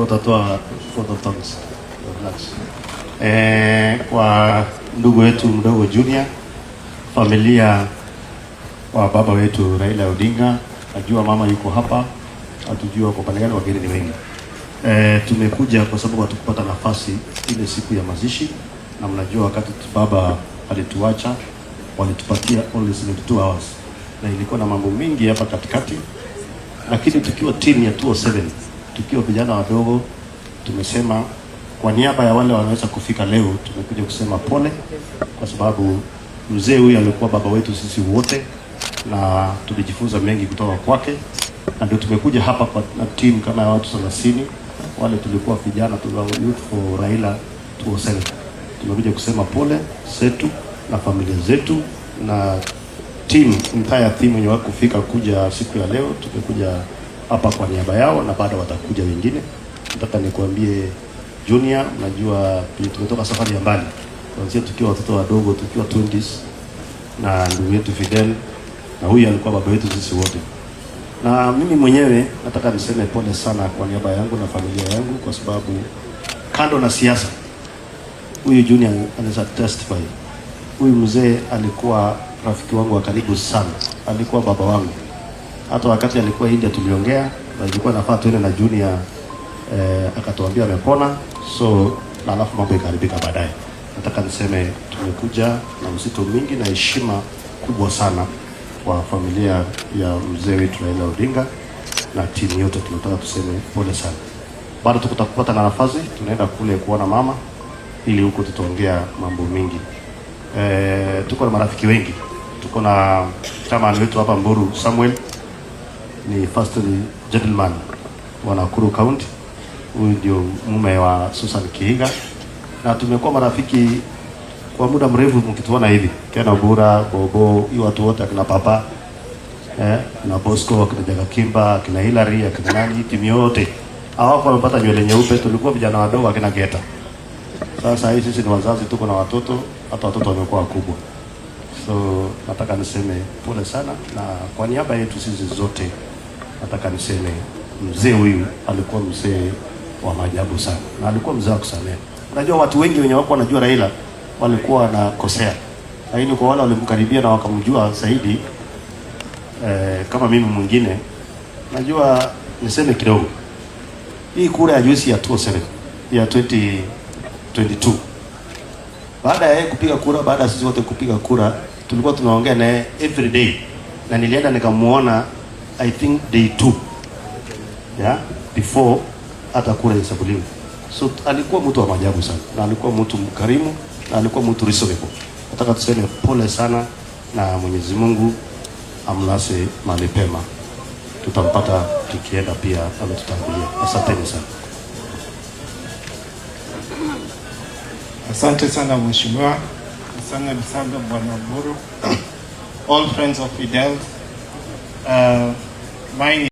Watoto wa watoto eh, kwa ndugu wetu mdogo Junior, familia wa baba wetu Raila Odinga, najua mama yuko hapa, hatujua kwa pande gani, wageni ni wengi eh, tumekuja kwa sababu hatukupata nafasi ile siku ya mazishi, na mnajua wakati baba alituacha walitupatia only 72 hours na ilikuwa na mambo mengi hapa katikati, lakini tukiwa timu ya 207 tukiwa vijana wadogo tumesema kwa niaba ya wale wanaweza kufika leo, tumekuja kusema pole, kwa sababu mzee huyu alikuwa baba wetu sisi wote, na tulijifunza mengi kutoka kwake, na ndio tumekuja hapa kwa timu kama ya watu 30 wale tulikuwa vijana tulikuwa youth for Raila to oh Tumekuja kusema pole zetu na familia zetu na team entire team wenye kufika kuja siku ya leo, tumekuja hapa kwa niaba yao, na bado watakuja wengine. Nataka nikuambie Junior, najua tumetoka safari ya mbali kuanzia tukiwa watoto wadogo, tukiwa 20s na ndugu yetu Fidel, na huyu alikuwa baba yetu sisi wote. Na mimi mwenyewe nataka niseme pole sana kwa niaba yangu na familia yangu, kwa sababu kando na siasa, huyu Junior anaweza testify, huyu mzee alikuwa rafiki wangu wa karibu sana, alikuwa baba wangu hata wakati alikuwa India tuliongea na ilikuwa nafaa tuende na junior eh, akatuambia amepona, so na alafu mambo ikaharibika baadaye. Nataka niseme tumekuja na uzito mingi na heshima kubwa sana kwa familia ya mzee wetu Raila Odinga na timu yote, tunataka tuseme pole sana. Bado tukutakupata na nafasi, tunaenda kule kuona mama ili huko tutaongea mambo mingi. E, tuko na marafiki wengi, tuko na chama wetu hapa Mburu Samuel ni first Gentleman wa Nakuru County. Huyu ndio mume wa Susan Kiiga, na tumekuwa marafiki kwa muda mrefu, mkituona hivi kena Bura Bobo, hiyo watu wote akina papa eh, na Bosco akina Jaga Kimba akina Hilary akina nani, timu yote hawako wamepata nywele nyeupe. Tulikuwa vijana wadogo akina Geta. Sasa hii sisi ni wazazi, tuko na watoto, hata watoto wamekuwa wakubwa. So nataka niseme pole sana, na kwa niaba yetu sisi zote nataka niseme mzee huyu alikuwa mzee wa maajabu sana, na alikuwa mzee wa kusamehe. Unajua, watu wengi wenye wako wanajua Raila walikuwa wanakosea, lakini kwa wale walimkaribia na wakamjua zaidi eh, kama mimi mwingine, najua niseme kidogo. Hii kura ya juzi ya 27 ya 2022 baada ya yeye kupiga kura, baada ya sisi wote kupiga kura, tulikuwa tunaongea naye every day na nilienda nikamuona I think day two yeah, before hata kura hesabuliwa. So alikuwa mtu wa maajabu sana, na alikuwa mtu mkarimu, na alikuwa mtu reasonable. Nataka tuseme pole sana na Mwenyezi Mungu amlase mahali pema, tutampata tukienda, pia ametutangulia. Asanteni sana. Asante sana mheshimiwa Msanga Msanga, bwana Oburu, all friends of Fidel uh, my